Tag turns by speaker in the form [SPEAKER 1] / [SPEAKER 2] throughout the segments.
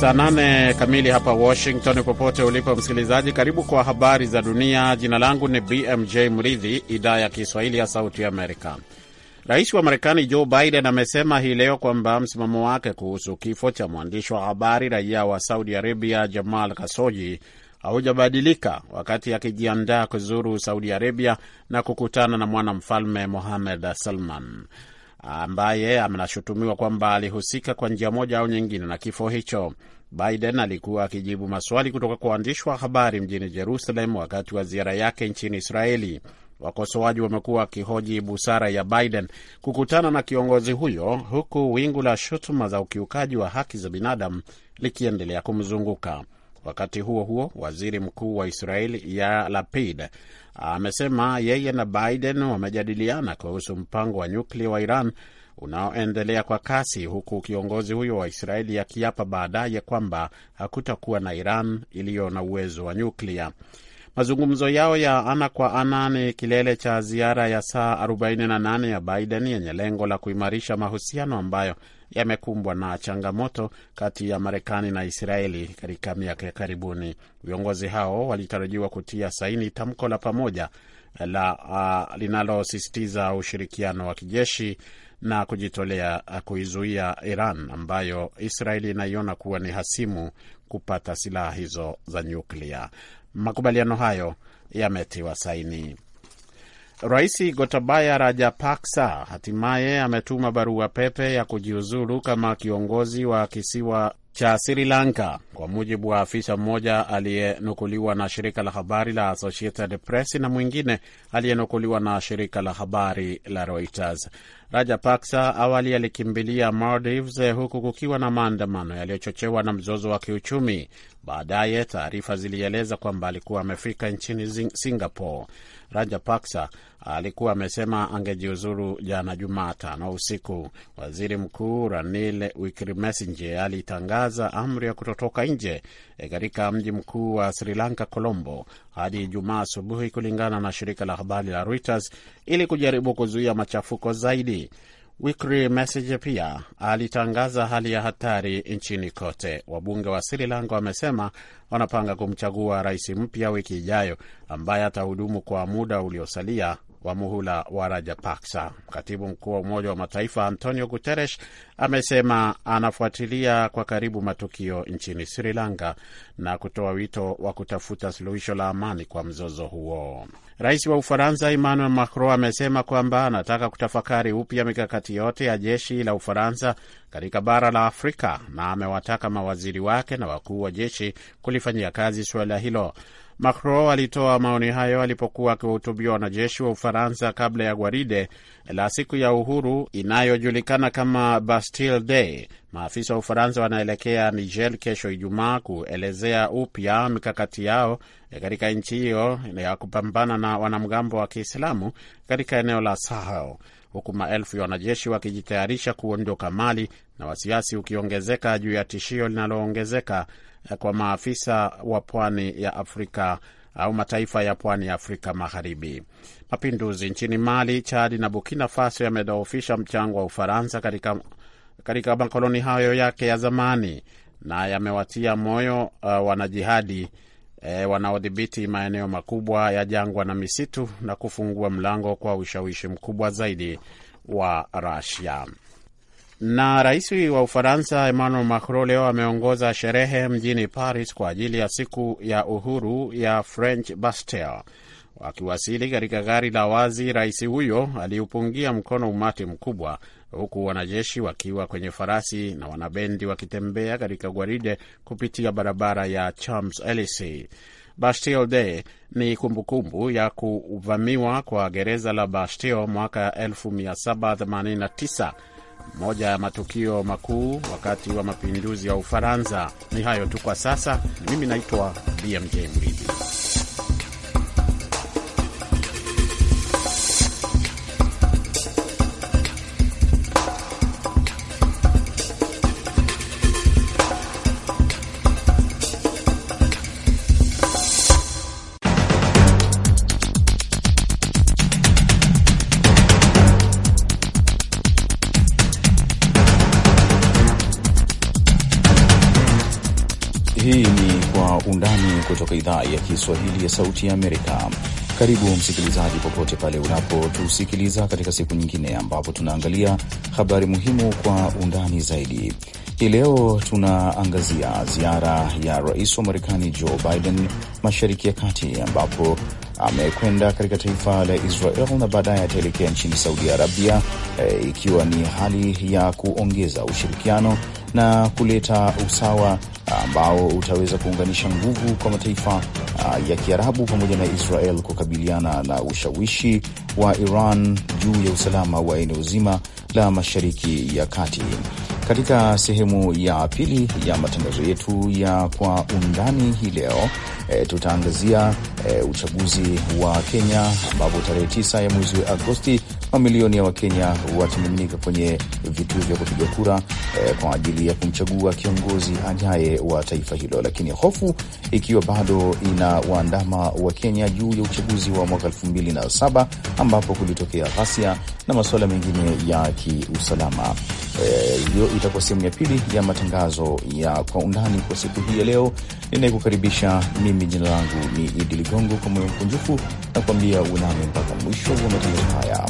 [SPEAKER 1] saa nane kamili hapa Washington. Popote ulipo msikilizaji, karibu kwa habari za dunia. Jina langu ni BMJ Mridhi, idhaa ya Kiswahili ya Sauti ya Amerika. Rais wa Marekani Joe Biden amesema hii leo kwamba msimamo wake kuhusu kifo cha mwandishi wa habari raia wa Saudi Arabia Jamal Khashoggi haujabadilika wakati akijiandaa kuzuru Saudi Arabia na kukutana na mwanamfalme Mohammed Salman ambaye anashutumiwa kwamba alihusika kwa njia moja au nyingine na kifo hicho. Biden alikuwa akijibu maswali kutoka kwa waandishi wa habari mjini Jerusalem wakati wa ziara yake nchini Israeli. Wakosoaji wamekuwa wakihoji busara ya Biden kukutana na kiongozi huyo, huku wingu la shutuma za ukiukaji wa haki za binadamu likiendelea kumzunguka. Wakati huo huo, waziri mkuu wa Israeli ya Lapid amesema yeye na Biden wamejadiliana kuhusu mpango wa nyuklia wa Iran unaoendelea kwa kasi, huku kiongozi huyo wa Israeli akiapa baadaye kwamba hakutakuwa na Iran iliyo na uwezo wa nyuklia. Mazungumzo yao ya ana kwa ana ni kilele cha ziara ya saa 48 ya Biden yenye lengo la kuimarisha mahusiano ambayo yamekumbwa na changamoto kati ya Marekani na Israeli katika miaka ya karibuni. Viongozi hao walitarajiwa kutia saini tamko la pamoja la uh, linalosisitiza ushirikiano wa kijeshi na kujitolea kuizuia Iran ambayo Israeli inaiona kuwa ni hasimu kupata silaha hizo za nyuklia. Makubaliano hayo yametiwa saini. Rais Gotabaya Rajapaksa hatimaye ametuma barua pepe ya kujiuzulu kama kiongozi wa kisiwa cha Sri Lanka, kwa mujibu wa afisa mmoja aliyenukuliwa na shirika la habari la Associated Press na mwingine aliyenukuliwa na shirika la habari la Reuters. Rajapaksa awali alikimbilia Maldives eh, huku kukiwa na maandamano yaliyochochewa na mzozo wa kiuchumi. Baadaye taarifa zilieleza kwamba alikuwa amefika nchini Singapore. Rajapaksa alikuwa amesema angejiuzuru jana Jumatano usiku. Waziri Mkuu Ranil Wickremesinghe alitangaza amri ya kutotoka nje e, katika mji mkuu wa Sri Lanka, Colombo, hadi Ijumaa asubuhi, kulingana na shirika la habari la Reuters, ili kujaribu kuzuia machafuko zaidi. Wikri Mesige pia alitangaza hali ya hatari nchini kote. Wabunge wa Sri Lanka wamesema wanapanga kumchagua rais mpya wiki ijayo ambaye atahudumu kwa muda uliosalia wa muhula wa Rajapaksa. Katibu mkuu wa Umoja wa Mataifa Antonio Guterres amesema anafuatilia kwa karibu matukio nchini Sri Lanka na kutoa wito wa kutafuta suluhisho la amani kwa mzozo huo. Rais wa Ufaransa Emmanuel Macron amesema kwamba anataka kutafakari upya mikakati yote ya jeshi la Ufaransa katika bara la Afrika na amewataka mawaziri wake na wakuu wa jeshi kulifanyia kazi suala hilo. Macron alitoa maoni hayo alipokuwa akiwahutubia wanajeshi wa Ufaransa kabla ya gwaride la siku ya uhuru inayojulikana kama Bastille Day. Maafisa wa Ufaransa wanaelekea Niger kesho Ijumaa kuelezea upya mikakati yao katika nchi hiyo ya kupambana na wanamgambo wa Kiislamu katika eneo la Sahel huku maelfu ya wanajeshi wakijitayarisha kuondoka Mali na wasiwasi ukiongezeka juu ya tishio linaloongezeka kwa maafisa wa pwani ya Afrika au mataifa ya pwani ya Afrika Magharibi. Mapinduzi nchini Mali, Chadi na Burkina Faso yamedhoofisha mchango wa Ufaransa katika, katika makoloni hayo yake ya zamani na yamewatia moyo uh, wanajihadi e, wanaodhibiti maeneo makubwa ya jangwa na misitu na kufungua mlango kwa ushawishi mkubwa zaidi wa rasia Na rais wa Ufaransa Emmanuel Macron leo ameongoza sherehe mjini Paris kwa ajili ya siku ya uhuru ya French Bastille. Wakiwasili katika gari la wazi, rais huyo aliupungia mkono umati mkubwa huku wanajeshi wakiwa kwenye farasi na wanabendi wakitembea katika gwaride kupitia barabara ya Champs-Elysees. Bastille Day ni kumbukumbu kumbu ya kuvamiwa kwa gereza la Bastille mwaka 1789, moja ya matukio makuu wakati wa mapinduzi ya Ufaransa. Ni hayo tu kwa sasa. Mimi naitwa BMJ Mridhi.
[SPEAKER 2] idhaa ya Kiswahili ya Sauti ya Amerika. Karibu msikilizaji, popote pale unapotusikiliza katika siku nyingine ambapo tunaangalia habari muhimu kwa undani zaidi. Hii leo tunaangazia ziara ya rais wa Marekani Joe Biden mashariki ya kati, ambapo amekwenda katika taifa la Israel na baadaye ataelekea nchini Saudi Arabia, e, ikiwa ni hali ya kuongeza ushirikiano na kuleta usawa ambao utaweza kuunganisha nguvu kwa mataifa ah, ya Kiarabu pamoja na Israel kukabiliana na ushawishi wa Iran juu ya usalama wa eneo zima la Mashariki ya Kati katika sehemu ya pili ya matangazo yetu ya Kwa Undani hii leo e, tutaangazia e, uchaguzi wa Kenya ambapo tarehe 9 ya mwezi wa Agosti mamilioni ya Wakenya watamiminika kwenye vituo vya kupiga kura eh, kwa ajili ya kumchagua kiongozi ajaye wa taifa hilo, lakini hofu ikiwa bado ina waandama Wakenya juu ya uchaguzi wa mwaka elfu mbili na saba ambapo kulitokea ghasia na masuala mengine ya kiusalama. Eh, hiyo e, itakuwa sehemu ya pili ya matangazo ya kwa undani kwa siku hii ya leo. Ninayekukaribisha mimi jina langu ni Idi Ligongo, kwa moyo mkunjufu na kuambia unane mpaka mwisho wa matangazo haya.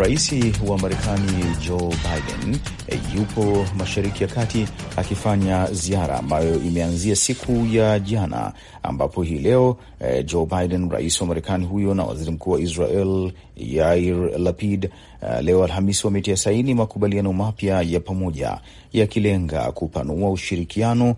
[SPEAKER 2] Rais wa Marekani Joe Biden eh, yupo Mashariki ya Kati akifanya ziara ambayo imeanzia siku ya jana, ambapo hii leo e, Joe Biden, rais wa Marekani huyo na waziri mkuu wa Israel Yair Lapid eh, leo Alhamisi wametia saini makubaliano mapya ya pamoja yakilenga kupanua ushirikiano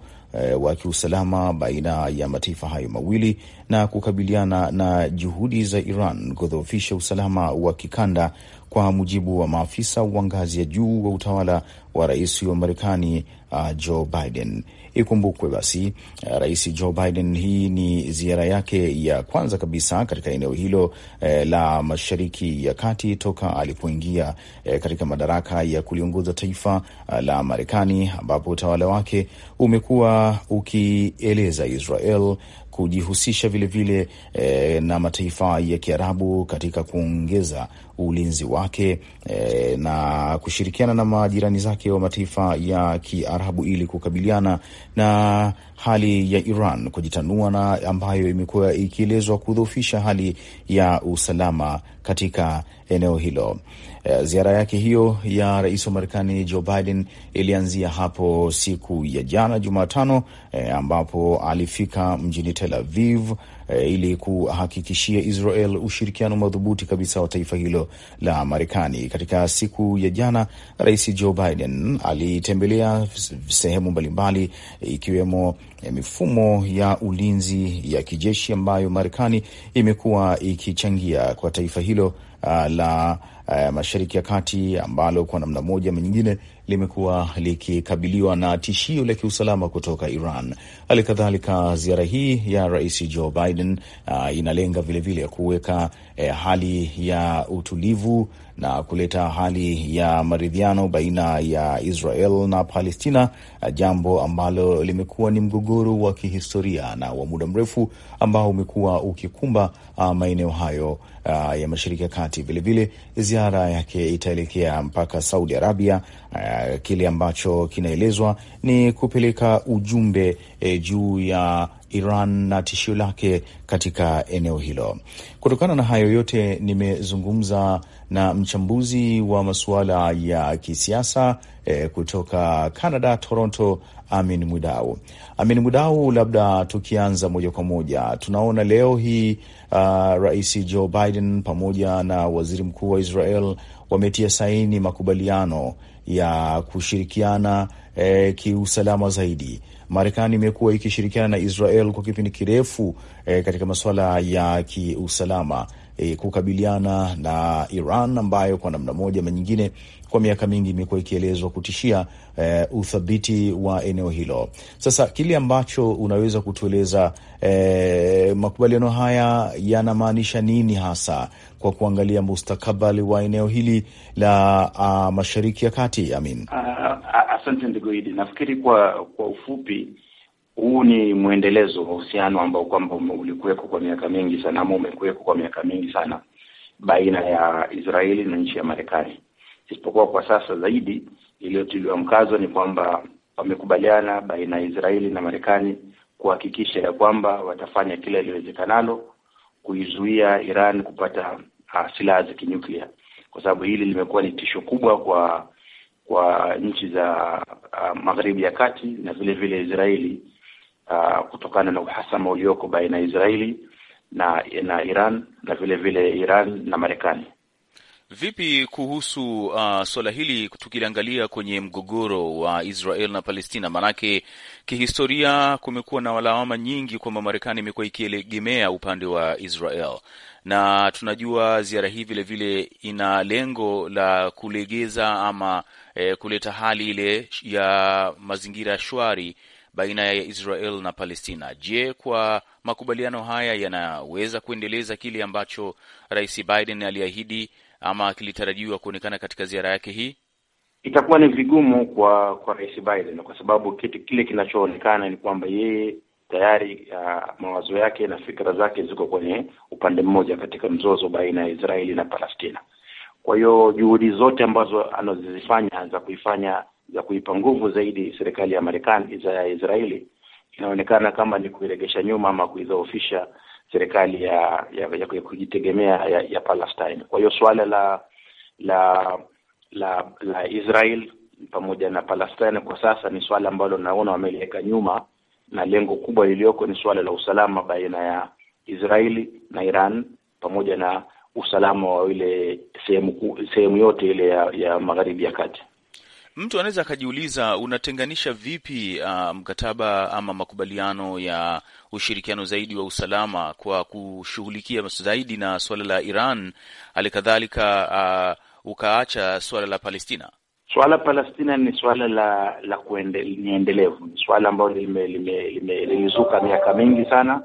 [SPEAKER 2] wa kiusalama baina ya mataifa hayo mawili na kukabiliana na juhudi za Iran kudhoofisha usalama wa kikanda kwa mujibu wa maafisa wa ngazi ya juu wa utawala wa rais wa Marekani uh, Joe Biden. Ikumbukwe basi, uh, rais Joe Biden, hii ni ziara yake ya kwanza kabisa katika eneo hilo eh, la Mashariki ya Kati toka alipoingia eh, katika madaraka ya kuliongoza taifa uh, la Marekani, ambapo utawala wake umekuwa ukieleza Israel kujihusisha vilevile vile, eh, na mataifa ya Kiarabu katika kuongeza ulinzi wake e, na kushirikiana na majirani zake wa mataifa ya Kiarabu ili kukabiliana na hali ya Iran kujitanua na ambayo imekuwa ikielezwa kudhoofisha hali ya usalama katika eneo hilo. E, ziara yake hiyo ya rais wa Marekani Joe Biden ilianzia hapo siku ya jana Jumatano, e, ambapo alifika mjini Tel Aviv e, ili kuhakikishia Israel ushirikiano madhubuti kabisa wa taifa hilo la Marekani. Katika siku ya jana, Rais Joe Biden alitembelea sehemu mbalimbali ikiwemo e, mifumo ya ulinzi ya kijeshi ambayo Marekani imekuwa ikichangia kwa taifa hilo la uh, Mashariki ya Kati ambalo kwa namna moja ama nyingine limekuwa likikabiliwa na tishio la kiusalama kutoka Iran. Hali kadhalika ziara hii ya rais Joe Biden uh, inalenga vilevile kuweka eh, hali ya utulivu na kuleta hali ya maridhiano baina ya Israel na Palestina, uh, jambo ambalo limekuwa ni mgogoro wa kihistoria na wa muda mrefu ambao umekuwa ukikumba uh, maeneo hayo uh, ya Mashariki ya Kati. Vilevile ziara yake itaelekea mpaka Saudi Arabia, Eh, kile ambacho kinaelezwa ni kupeleka ujumbe e, juu ya Iran na tishio lake katika eneo hilo. Kutokana na hayo yote, nimezungumza na mchambuzi wa masuala ya kisiasa e, kutoka Canada, Toronto, Amin Mwidau. Amin Mwidau, labda tukianza moja kwa moja, tunaona leo hii uh, Rais Joe Biden pamoja na Waziri Mkuu wa Israel wametia saini makubaliano ya kushirikiana e, kiusalama zaidi. Marekani imekuwa ikishirikiana na Israel kwa kipindi kirefu e, katika masuala ya kiusalama e, kukabiliana na Iran ambayo kwa namna moja ama nyingine kwa miaka mingi imekuwa ikielezwa kutishia e, uthabiti wa eneo hilo. Sasa kile ambacho unaweza kutueleza e, makubaliano haya yanamaanisha nini hasa kwa kuangalia mustakabali wa eneo hili la a, Mashariki ya Kati? Amin,
[SPEAKER 3] asante ndugu Idi. Nafikiri kwa kwa ufupi huu ni mwendelezo wa uhusiano ambao kwamba ulikuwepo kwa miaka mingi sana ama umekuwepo kwa miaka mingi sana baina ya Israeli na nchi ya Marekani, isipokuwa kwa sasa zaidi iliyotiliwa mkazo ni kwamba wamekubaliana baina ya Israeli na Marekani kuhakikisha ya kwamba watafanya kila iliwezekanalo kuizuia Iran kupata uh, silaha za kinyuklia, kwa sababu hili limekuwa ni tisho kubwa kwa kwa nchi za uh, Magharibi ya Kati na vile vile Israeli uh, kutokana na uhasama ulioko baina ya Israeli na na Iran na vile vile Iran na Marekani.
[SPEAKER 2] Vipi kuhusu uh, suala hili tukiliangalia kwenye mgogoro wa Israel na Palestina? Maanake kihistoria kumekuwa na lawama nyingi kwamba Marekani imekuwa ikiegemea upande wa Israel, na tunajua ziara hii vilevile ina lengo la kulegeza ama eh, kuleta hali ile ya mazingira shwari baina ya Israel na Palestina. Je, kwa makubaliano haya yanaweza kuendeleza kile ambacho Rais Biden aliahidi ama kilitarajiwa kuonekana katika ziara yake hii?
[SPEAKER 3] Itakuwa ni vigumu kwa kwa Rais Biden kwa sababu kitu kile kinachoonekana ni kwamba yeye tayari uh, mawazo yake na fikra zake ziko kwenye upande mmoja katika mzozo baina ya Israeli na Palestina. Kwa hiyo juhudi zote ambazo anazozifanya za kuifanya za kuipa nguvu zaidi serikali ya Marekani za Israeli inaonekana kama ni kuiregesha nyuma ama kuidhoofisha serikali ya ya, ya kujitegemea ya, ya Palestine. Kwa hiyo suala la la la la Israel pamoja na Palestine kwa sasa ni swala ambalo naona wameliweka nyuma, na lengo kubwa lilioko ni suala la usalama baina ya Israeli na Iran pamoja na usalama wa ile sehemu sehemu yote ile ya, ya magharibi ya kati.
[SPEAKER 2] Mtu anaweza akajiuliza unatenganisha vipi uh, mkataba ama makubaliano ya ushirikiano zaidi wa usalama kwa kushughulikia zaidi na suala la Iran, hali kadhalika uh, ukaacha suala la Palestina. Suala
[SPEAKER 3] Palestina ni suala la la ni endelevu, ni suala ambalo lilizuka lime, lime, lime, miaka mingi sana,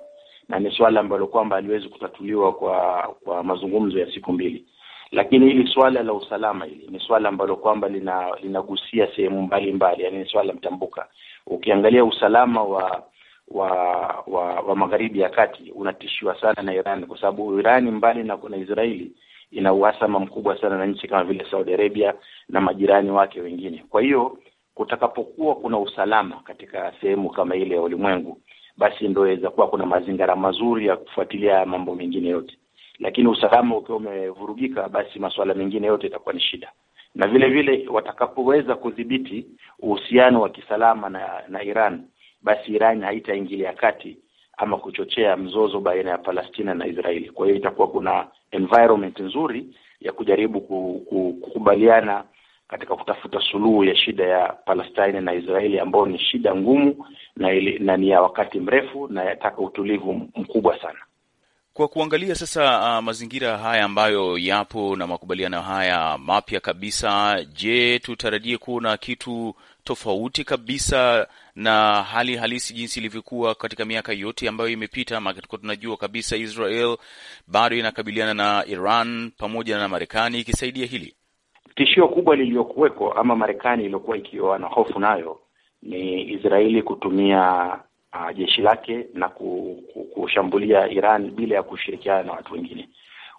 [SPEAKER 3] na ni suala ambalo kwamba haliwezi kutatuliwa kwa kwa mazungumzo ya siku mbili. Lakini hili swala la usalama hili ni swala ambalo kwamba lina linagusia sehemu mbalimbali, yani ni swala mtambuka. Ukiangalia usalama wa wa wa, wa magharibi ya kati unatishiwa sana na Iran, kwa sababu Iran mbali na kuna Israeli ina uhasama mkubwa sana na nchi kama vile Saudi Arabia na majirani wake wengine. Kwa hiyo kutakapokuwa kuna usalama katika sehemu kama ile ya ulimwengu, basi ndio inaweza kuwa kuna mazingira mazuri ya kufuatilia mambo mengine yote lakini usalama ukiwa umevurugika, basi masuala mengine yote itakuwa ni shida.
[SPEAKER 1] Na vile vile
[SPEAKER 3] watakapoweza kudhibiti uhusiano wa kisalama na, na Iran, basi Iran haitaingilia kati ama kuchochea mzozo baina ya Palestina na Israeli. Kwa hiyo itakuwa kuna environment nzuri ya kujaribu kukubaliana katika kutafuta suluhu ya shida ya Palestina na Israeli ambayo ni shida ngumu na, ili, na ni ya wakati mrefu na yataka utulivu mkubwa sana.
[SPEAKER 2] Kwa kuangalia sasa uh, mazingira haya ambayo yapo na makubaliano haya mapya kabisa, je, tutarajie kuona kitu tofauti kabisa na hali halisi jinsi ilivyokuwa katika miaka yote ambayo imepita? Maana tulikuwa tunajua kabisa Israel bado inakabiliana na Iran pamoja na Marekani ikisaidia hili
[SPEAKER 3] tishio kubwa liliyokuwekwa ama Marekani iliyokuwa ikiwa na hofu nayo ni Israeli kutumia uh, jeshi lake na kushambulia Iran bila ya kushirikiana na watu wengine.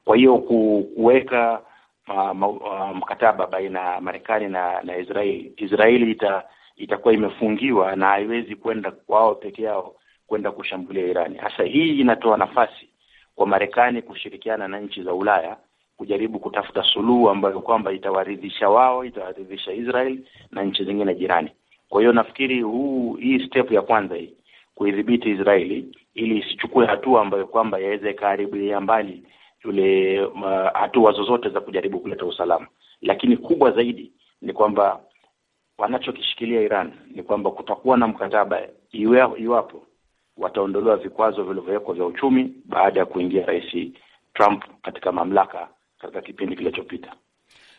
[SPEAKER 3] Kwa hiyo kuweka uh, uh, mkataba baina ya Marekani na na Israeli, Israeli ita, itakuwa imefungiwa na haiwezi kwenda wao peke yao kwenda kushambulia Irani. Hasa hii inatoa nafasi kwa Marekani kushirikiana na nchi za Ulaya kujaribu kutafuta suluhu ambayo kwamba itawaridhisha wao, itawaridhisha Israel na nchi zingine jirani. Kwa hiyo nafikiri huu hii step ya kwanza hii kuidhibiti Israeli ili isichukue hatua ambayo kwamba yaweze ikaharibilia mbali yule uh, hatua zozote za kujaribu kuleta usalama. Lakini kubwa zaidi ni kwamba wanachokishikilia Iran ni kwamba kutakuwa na mkataba iwapo wataondolewa vikwazo vilivyowekwa vya uchumi baada ya kuingia Rais Trump katika mamlaka katika kipindi kilichopita.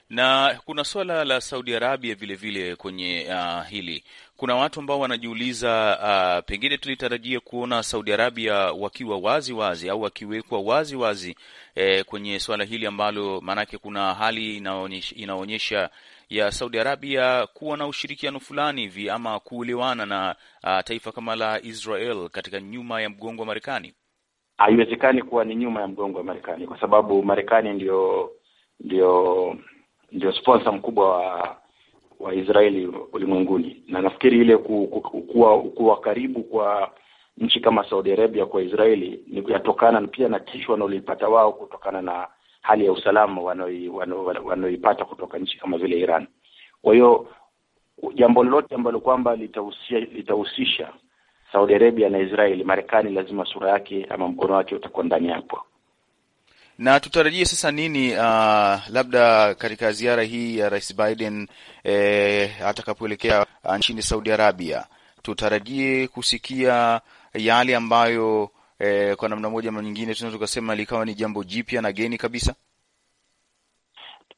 [SPEAKER 4] Na kuna suala la Saudi Arabia
[SPEAKER 2] vilevile vile kwenye uh, hili kuna watu ambao wanajiuliza uh, pengine tulitarajia kuona Saudi Arabia wakiwa wazi wazi au wakiwekwa wazi wazi eh, kwenye suala hili ambalo maanake kuna hali inaonyesha, inaonyesha ya Saudi Arabia kuwa na ushirikiano fulani hivi ama kuelewana na uh, taifa kama la Israel katika nyuma ya mgongo wa Marekani.
[SPEAKER 3] Haiwezekani kuwa ni nyuma ya mgongo wa Marekani kwa sababu Marekani ndio ndio ndio sponsor mkubwa wa wa Israeli ulimwenguni, na nafikiri ile ku, ku, ku, kuwa, kuwa karibu kwa nchi kama Saudi Arabia kwa Israeli ni kuyatokana pia na tisho wanaolipata wao kutokana na hali ya usalama wanaoipata kutoka nchi kama vile Iran. Kwa hiyo jambo lolote ambalo kwamba litahusisha litahusisha Saudi Arabia na Israeli, Marekani lazima sura yake ama mkono wake utakuwa ndani hapo
[SPEAKER 2] na tutarajie sasa nini, uh, labda katika ziara hii ya Rais Biden eh, atakapoelekea uh, nchini Saudi Arabia, tutarajie kusikia yale ambayo eh, kwa namna moja ama nyingine tunaweza tukasema likawa ni jambo jipya na geni kabisa.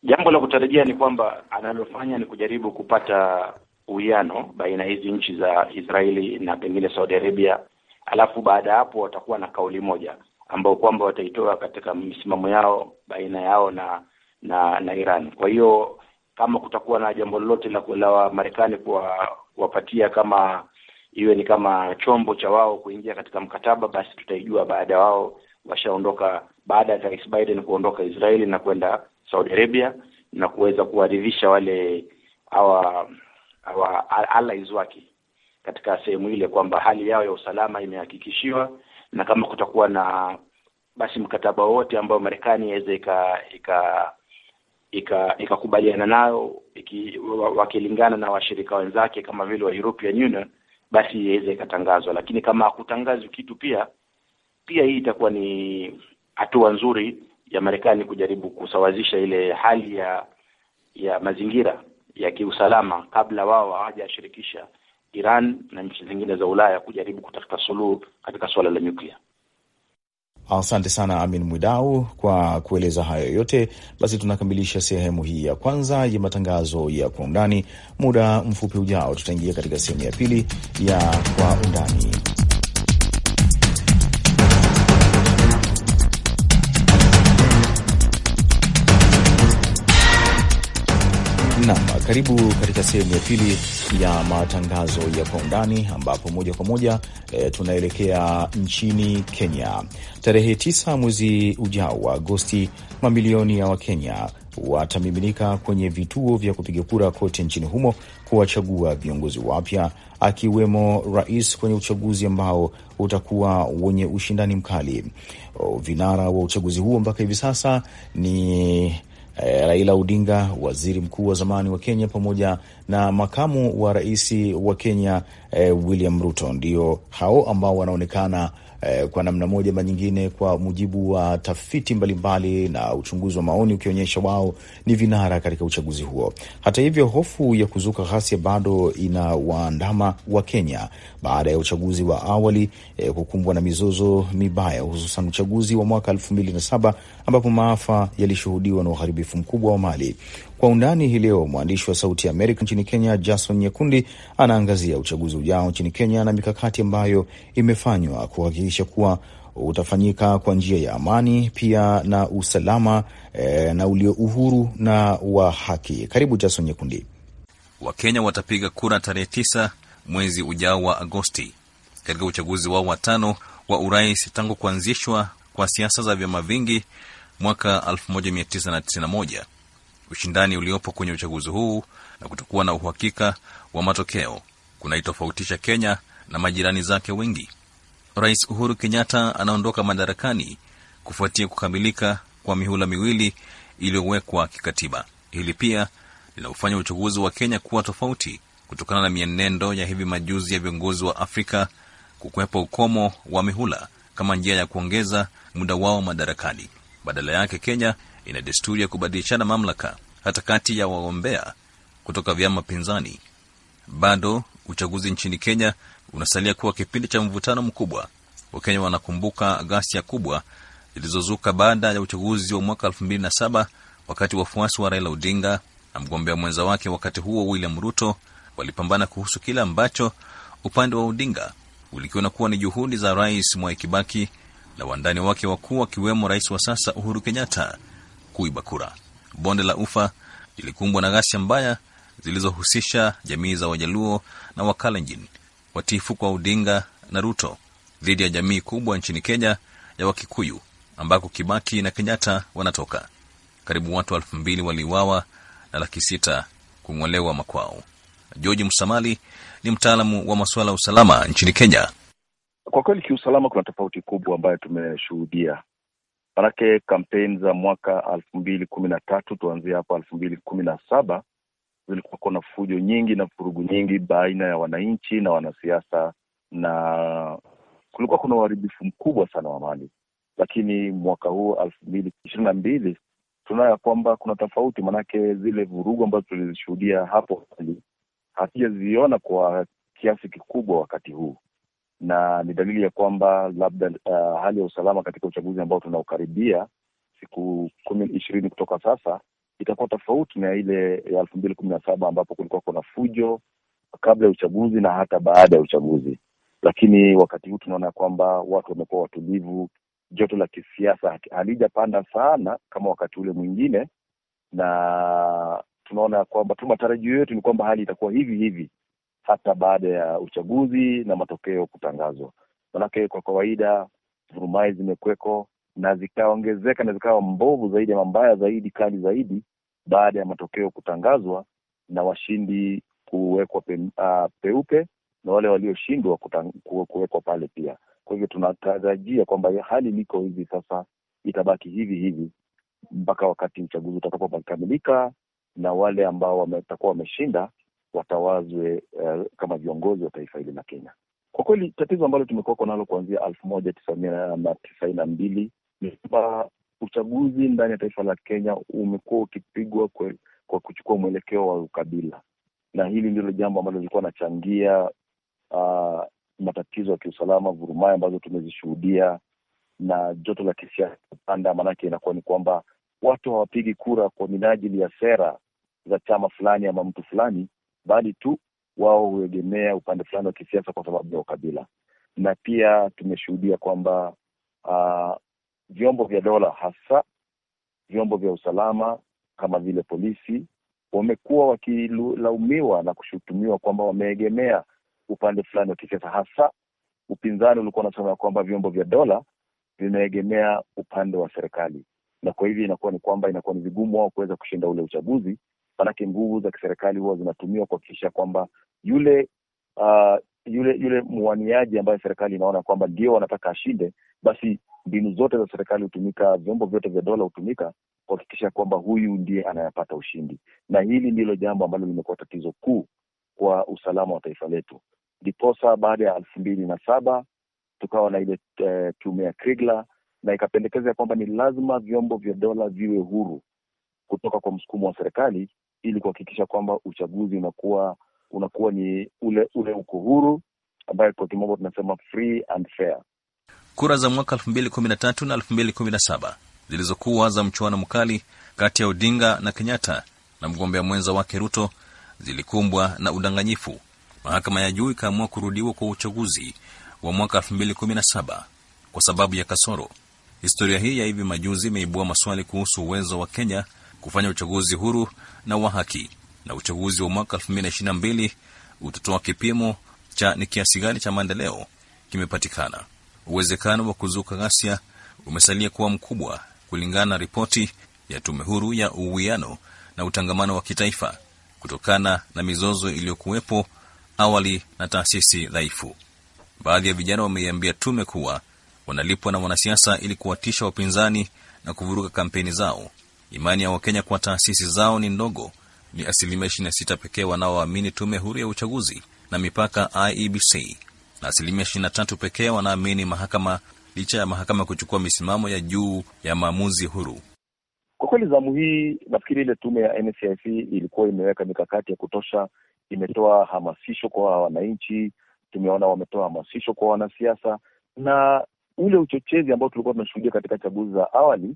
[SPEAKER 3] Jambo la kutarajia ni kwamba analofanya ni kujaribu kupata uwiano baina hizi nchi za Israeli na pengine Saudi Arabia, alafu baada ya hapo watakuwa na kauli moja ambao kwamba wataitoa katika misimamo yao baina yao na na na Iran. Kwa hiyo kama kutakuwa na jambo lolote la la Marekani kuwapatia kama iwe ni kama chombo cha wao kuingia katika mkataba, basi tutaijua baada wao washaondoka, baada ya Rais Biden kuondoka Israeli na kwenda Saudi Arabia na kuweza kuwaridhisha wale hawa hawa allies wake katika sehemu ile kwamba hali yao ya usalama imehakikishiwa na kama kutakuwa na basi mkataba wowote ambao Marekani iweze ika ikakubaliana ika nayo iki, wakilingana na washirika wenzake kama vile wa European Union basi iweze ikatangazwa, lakini kama hakutangazwi kitu, pia pia hii itakuwa ni hatua nzuri ya Marekani kujaribu kusawazisha ile hali ya ya mazingira ya kiusalama kabla wao hawajashirikisha Iran na nchi zingine za Ulaya kujaribu kutafuta suluhu katika suala la nyuklia.
[SPEAKER 2] Asante sana Amin Mwidau kwa kueleza hayo yote. Basi tunakamilisha sehemu hii ya kwanza ya matangazo ya kwa undani. Muda mfupi ujao, tutaingia katika sehemu ya pili ya kwa undani. Naam. Karibu katika sehemu ya pili ya matangazo ya kwa undani, ambapo moja kwa moja e, tunaelekea nchini Kenya. Tarehe tisa mwezi ujao wa Agosti, mamilioni ya Wakenya watamiminika kwenye vituo vya kupiga kura kote nchini humo kuwachagua viongozi wapya akiwemo rais kwenye uchaguzi ambao utakuwa wenye ushindani mkali. Oh, vinara wa uchaguzi huo mpaka hivi sasa ni Eh, Raila Odinga, waziri mkuu wa zamani wa Kenya, pamoja na makamu wa rais wa Kenya eh, William Ruto, ndio hao ambao wanaonekana eh, kwa namna moja ama nyingine, kwa mujibu wa tafiti mbalimbali mbali na uchunguzi wa maoni ukionyesha wao ni vinara katika uchaguzi huo. Hata hivyo, hofu ya kuzuka ghasia bado ina waandama wa Kenya baada ya uchaguzi wa awali eh, kukumbwa na mizozo mibaya, hususan uchaguzi wa mwaka elfu mbili na saba ambapo maafa yalishuhudiwa na uharibifu mkubwa wa mali. Kwa undani hii leo, mwandishi wa Sauti ya Amerika nchini Kenya, Jason Nyekundi, anaangazia uchaguzi ujao nchini Kenya na mikakati ambayo imefanywa kuhakikisha kuwa utafanyika kwa njia ya amani pia na usalama e, na ulio uhuru na wa haki. Karibu Jason Nyekundi.
[SPEAKER 4] Wakenya watapiga kura tarehe tisa mwezi ujao wa Agosti katika uchaguzi wao watano wa urais tangu kuanzishwa kwa siasa za vyama vingi mwaka 1991 ushindani uliopo kwenye uchaguzi huu na kutokuwa na uhakika wa matokeo kunaitofautisha Kenya na majirani zake wengi. Rais Uhuru Kenyatta anaondoka madarakani kufuatia kukamilika kwa mihula miwili iliyowekwa kikatiba. Hili pia linaofanya uchaguzi wa Kenya kuwa tofauti kutokana na mienendo ya hivi majuzi ya viongozi wa Afrika kukwepa ukomo wa mihula kama njia ya kuongeza muda wao madarakani. Badala yake Kenya ina desturi ya kubadilishana mamlaka hata kati ya wagombea kutoka vyama pinzani. Bado uchaguzi nchini Kenya unasalia kuwa kipindi cha mvutano mkubwa. Wakenya wanakumbuka ghasia kubwa zilizozuka baada ya uchaguzi wa mwaka 27 wakati wafuasi wa Raila Odinga na mgombea mwenza wake wakati huo William Ruto walipambana kuhusu kile ambacho upande wa Odinga ulikiona kuwa ni juhudi za Rais mwaikibaki na wandani wake wakuu, wakiwemo rais wa sasa Uhuru Kenyatta kuiba kura. Bonde la Ufa lilikumbwa na ghasia mbaya zilizohusisha jamii za Wajaluo na Wakalenjin watifu kwa Odinga na Ruto dhidi ya jamii kubwa nchini Kenya ya Wakikuyu ambako Kibaki na Kenyatta wanatoka. Karibu watu elfu mbili waliuawa na laki sita kung'olewa makwao. George Msamali ni mtaalamu wa masuala ya usalama nchini Kenya. Kwa
[SPEAKER 5] kweli, kiusalama kuna tofauti kubwa ambayo tumeshuhudia Manake kampeni za mwaka elfu mbili kumi na tatu tuanzie hapo elfu mbili kumi na saba zilikuwako na fujo nyingi na vurugu nyingi baina ya wananchi na wanasiasa, na kulikuwa kuna uharibifu mkubwa sana wa mali. Lakini mwaka huu elfu mbili ishirini na mbili tunaona ya kwamba kuna tofauti, manake zile vurugu ambazo tulizishuhudia hapo awali hatujaziona kwa kiasi kikubwa wakati huu na ni dalili ya kwamba labda uh, hali ya usalama katika uchaguzi ambao tunaokaribia siku kumi ishirini kutoka sasa itakuwa tofauti na ile ya elfu mbili kumi na saba ambapo kulikuwa kuna fujo kabla ya uchaguzi na hata baada ya uchaguzi. Lakini wakati huu tunaona kwamba watu wamekuwa watulivu, joto la kisiasa halijapanda sana kama wakati ule mwingine, na tunaona kwamba tu matarajio yetu ni kwamba hali itakuwa hivi hivi hata baada ya uchaguzi na matokeo kutangazwa. Manake kwa kawaida vurumai zimekweko na zikaongezeka na zikawa mbovu zaidi ama mbaya zaidi, kali zaidi, baada ya matokeo kutangazwa na washindi kuwekwa pe, uh, peupe na wale walioshindwa kuwekwa pale pia. Kwa hivyo tunatarajia kwamba hali liko hivi sasa itabaki hivi hivi mpaka wakati uchaguzi utakapokamilika na wale ambao wametakuwa wameshinda watawazwe uh, kama viongozi wa taifa hili la Kenya. Kwa kweli tatizo ambalo tumekuwako nalo kuanzia elfu moja tisa mia na tisaini na mbili ni kwamba uchaguzi ndani ya taifa la Kenya umekuwa ukipigwa kwa, kwa kuchukua mwelekeo wa ukabila, na hili ndilo jambo ambalo lilikuwa nachangia uh, ah, matatizo ya kiusalama, vurumai ambazo tumezishuhudia na joto la kisiasa kupanda. Maanake inakuwa ni kwamba watu hawapigi kura kwa minajili ya sera za chama fulani ama mtu fulani, bali tu wao huegemea upande fulani wa kisiasa kwa sababu ya ukabila. Na pia tumeshuhudia kwamba uh, vyombo vya dola hasa vyombo vya usalama kama vile polisi wamekuwa wakilaumiwa na kushutumiwa kwamba wameegemea upande fulani wa kisiasa. Hasa upinzani ulikuwa unasema kwamba vyombo vya dola vimeegemea upande wa serikali, na kwa hivyo inakuwa ni kwamba inakuwa ni vigumu wao kuweza kushinda ule uchaguzi, maanake nguvu za kiserikali huwa zinatumiwa kuhakikisha kwamba yule uh, yule yule mwaniaji ambaye serikali inaona kwamba ndio wanataka ashinde, basi mbinu zote za serikali hutumika, vyombo vyote vya dola hutumika kuhakikisha kwamba huyu ndiye anayepata ushindi, na hili ndilo jambo ambalo limekuwa tatizo kuu kwa usalama wa taifa letu. Ndiposa baada ya elfu mbili na saba tukawa na ile eh, tume ya Kriegler na ikapendekeza ya kwamba ni lazima vyombo vya dola viwe huru kutoka kwa msukumo wa serikali ili kuhakikisha kwamba uchaguzi unakuwa unakuwa ni ule ule uko huru, ambayo kwa kimombo tunasema free and
[SPEAKER 4] fair. Kura za mwaka elfu mbili kumi na tatu na elfu mbili kumi na saba zilizokuwa za mchuano mkali kati ya Odinga na Kenyatta na mgombea mwenza wake Ruto zilikumbwa na udanganyifu. Mahakama ya juu ikaamua kurudiwa kwa uchaguzi wa mwaka saba kwa sababu ya kasoro. Historia hii ya hivi majuzi imeibua maswali kuhusu uwezo wa Kenya kufanya uchaguzi huru na wa haki, na uchaguzi wa mwaka 2022 utatoa kipimo cha ni kiasi gani cha maendeleo kimepatikana. Uwezekano wa kuzuka ghasia umesalia kuwa mkubwa kulingana na ripoti ya Tume Huru ya Uwiano na Utangamano wa Kitaifa kutokana na mizozo iliyokuwepo awali na taasisi dhaifu. Baadhi ya vijana wameiambia tume kuwa wanalipwa na wanasiasa ili kuwatisha wapinzani na kuvuruga kampeni zao. Imani ya Wakenya kwa taasisi zao ni ndogo, ni asilimia 26 pekee wanaoamini tume huru ya uchaguzi na mipaka IEBC na asilimia 23 pekee wanaamini mahakama, licha ya mahakama kuchukua misimamo ya juu ya maamuzi huru.
[SPEAKER 5] Kwa kweli zamu hii nafikiri ile tume ya NCIC ilikuwa imeweka mikakati ya kutosha, imetoa hamasisho kwa wananchi, tumeona wametoa hamasisho kwa wanasiasa, na ule uchochezi ambao tulikuwa tunashuhudia katika chaguzi za awali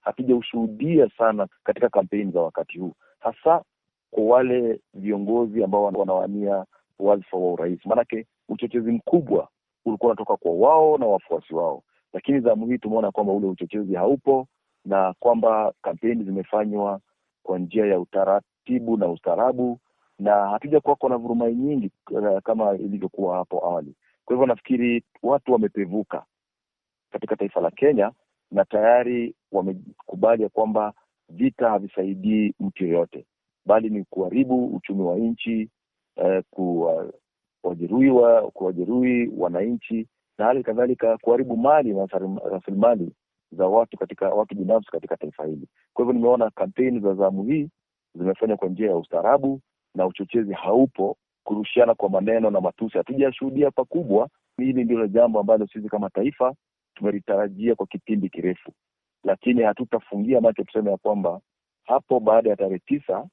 [SPEAKER 5] hatujaushuhudia sana katika kampeni za wakati huu, hasa kwa wale viongozi ambao wanawania wadhifa wa urais. Maanake uchochezi mkubwa ulikuwa unatoka kwa wao na wafuasi wao, lakini zamu hii tumeona kwamba ule uchochezi haupo na kwamba kampeni zimefanywa kwa njia ya utaratibu na ustaarabu, na hatuja kuwako na vurumai nyingi eh, kama ilivyokuwa hapo awali. Kwa hivyo nafikiri watu wamepevuka katika taifa la Kenya na tayari wamekubali ya kwamba vita havisaidii mtu yoyote, bali ni kuharibu uchumi wa nchi eh, kuwajeruhi wa, kuwajeruhi wananchi na hali kadhalika kuharibu mali na rasilimali za watu katika watu binafsi katika taifa hili. Kwa hivyo nimeona kampeni za zamu hii zimefanywa kwa njia ya ustaarabu na uchochezi haupo, kurushiana kwa maneno na matusi hatujashuhudia pakubwa. Hili ndilo jambo ambalo sisi kama taifa tumelitarajia kwa kipindi kirefu, lakini hatutafungia macho tuseme ya kwamba hapo baada ya tarehe tisa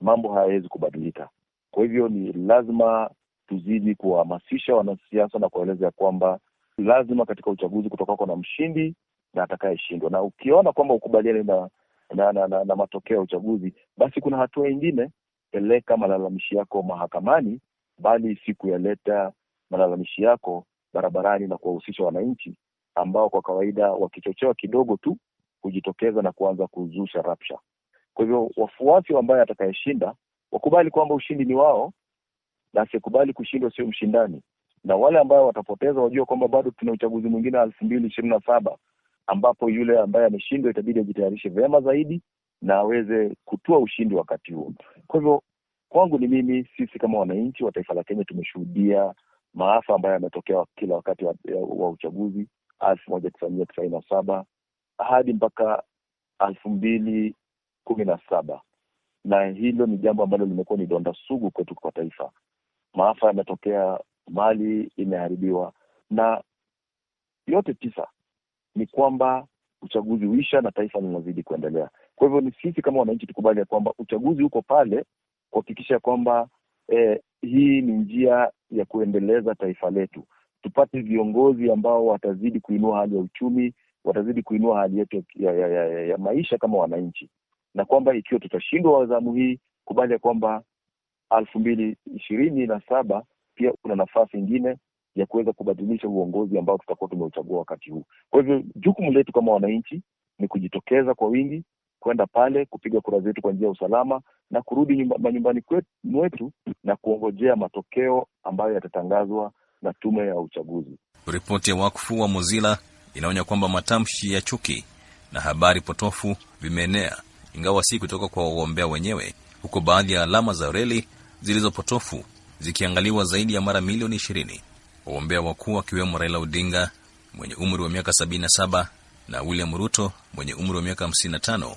[SPEAKER 5] mambo hayawezi kubadilika. Kwa hivyo ni lazima tuzidi kuwahamasisha wanasiasa na kuwaeleza ya kwamba lazima katika uchaguzi kutokako na mshindi na atakayeshindwa, na ukiona kwamba ukubaliani na na, na, na, na matokeo ya uchaguzi, basi kuna hatua ingine, peleka malalamishi yako mahakamani, bali siku yaleta malalamishi yako barabarani na kuwahusisha wananchi ambao kwa kawaida wakichochewa kidogo tu hujitokeza na kuanza kuzusha rapsha. Kwa hivyo wafuasi ambaye atakayeshinda wakubali kwamba ushindi ni wao, na asikubali kushindwa sio mshindani, na wale ambayo watapoteza wajua kwamba bado tuna uchaguzi mwingine wa elfu mbili ishirini na saba ambapo yule ambaye ameshindwa itabidi ajitayarishe vyema zaidi na aweze kutua ushindi wakati huo. Kwa hivyo kwangu ni mimi, sisi kama wananchi wa taifa la Kenya tumeshuhudia maafa ambayo yametokea kila wakati wa, wa uchaguzi elfu moja tisamia tisaini na saba hadi mpaka elfu mbili kumi na saba na hilo ni jambo ambalo limekuwa ni donda sugu kwetu kwa taifa. Maafa yametokea, mali imeharibiwa, na yote tisa ni kwamba uchaguzi uisha na taifa linazidi kuendelea. Kwa hivyo ni sisi kama wananchi tukubali ya kwamba uchaguzi uko pale kuhakikisha kwamba eh, hii ni njia ya kuendeleza taifa letu tupate viongozi ambao watazidi kuinua hali ya uchumi, watazidi kuinua hali yetu ya, ya, ya, ya, ya maisha kama wananchi, na kwamba ikiwa tutashindwa wazamu hii, kubali ya kwamba elfu mbili ishirini na saba pia kuna nafasi ingine ya kuweza kubadilisha uongozi ambao tutakuwa tumeuchagua wakati huu. Kwa hivyo jukumu letu kama wananchi ni kujitokeza kwa wingi kwenda pale kupiga kura zetu kwa njia ya usalama na kurudi nyumba, manyumbani mwetu na kuongojea matokeo ambayo yatatangazwa na tume ya uchaguzi.
[SPEAKER 4] Ripoti ya wakfu wa Mozilla inaonya kwamba matamshi ya chuki na habari potofu vimeenea, ingawa si kutoka kwa wagombea wenyewe, huko baadhi ya alama za reli zilizopotofu zikiangaliwa zaidi ya mara milioni ishirini. Wagombea wakuu akiwemo Raila Odinga mwenye umri wa miaka 77 na William Ruto mwenye umri wa miaka 55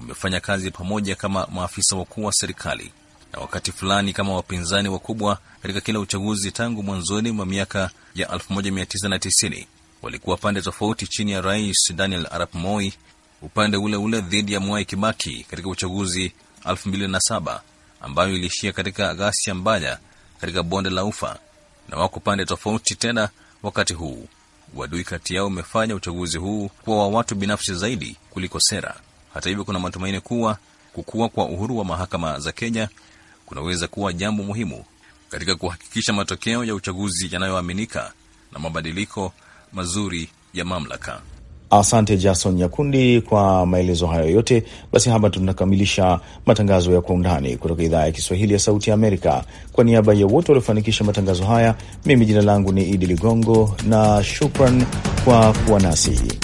[SPEAKER 4] wamefanya kazi pamoja kama maafisa wakuu wa serikali na wakati fulani kama wapinzani wakubwa katika kila uchaguzi tangu mwanzoni mwa miaka ya 1990 walikuwa pande tofauti chini ya Rais Daniel Arap Moi, upande ule ule dhidi ya Mwai Kibaki katika uchaguzi 27 ambayo iliishia katika ghasia mbaya katika bonde la Ufa, na wako pande tofauti tena wakati huu. Uadui kati yao umefanya uchaguzi huu kuwa wa watu binafsi zaidi kuliko sera. Hata hivyo, kuna matumaini kuwa kukua kwa uhuru wa mahakama za Kenya kunaweza kuwa jambo muhimu katika kuhakikisha matokeo ya uchaguzi yanayoaminika na mabadiliko mazuri ya mamlaka.
[SPEAKER 2] Asante Jason Nyakundi kwa maelezo hayo yote. Basi hapa tunakamilisha matangazo ya Kwa Undani kutoka idhaa ya Kiswahili ya Sauti ya Amerika. Kwa niaba ya wote waliofanikisha matangazo haya, mimi jina langu ni Idi Ligongo na shukran kwa kuwa nasi.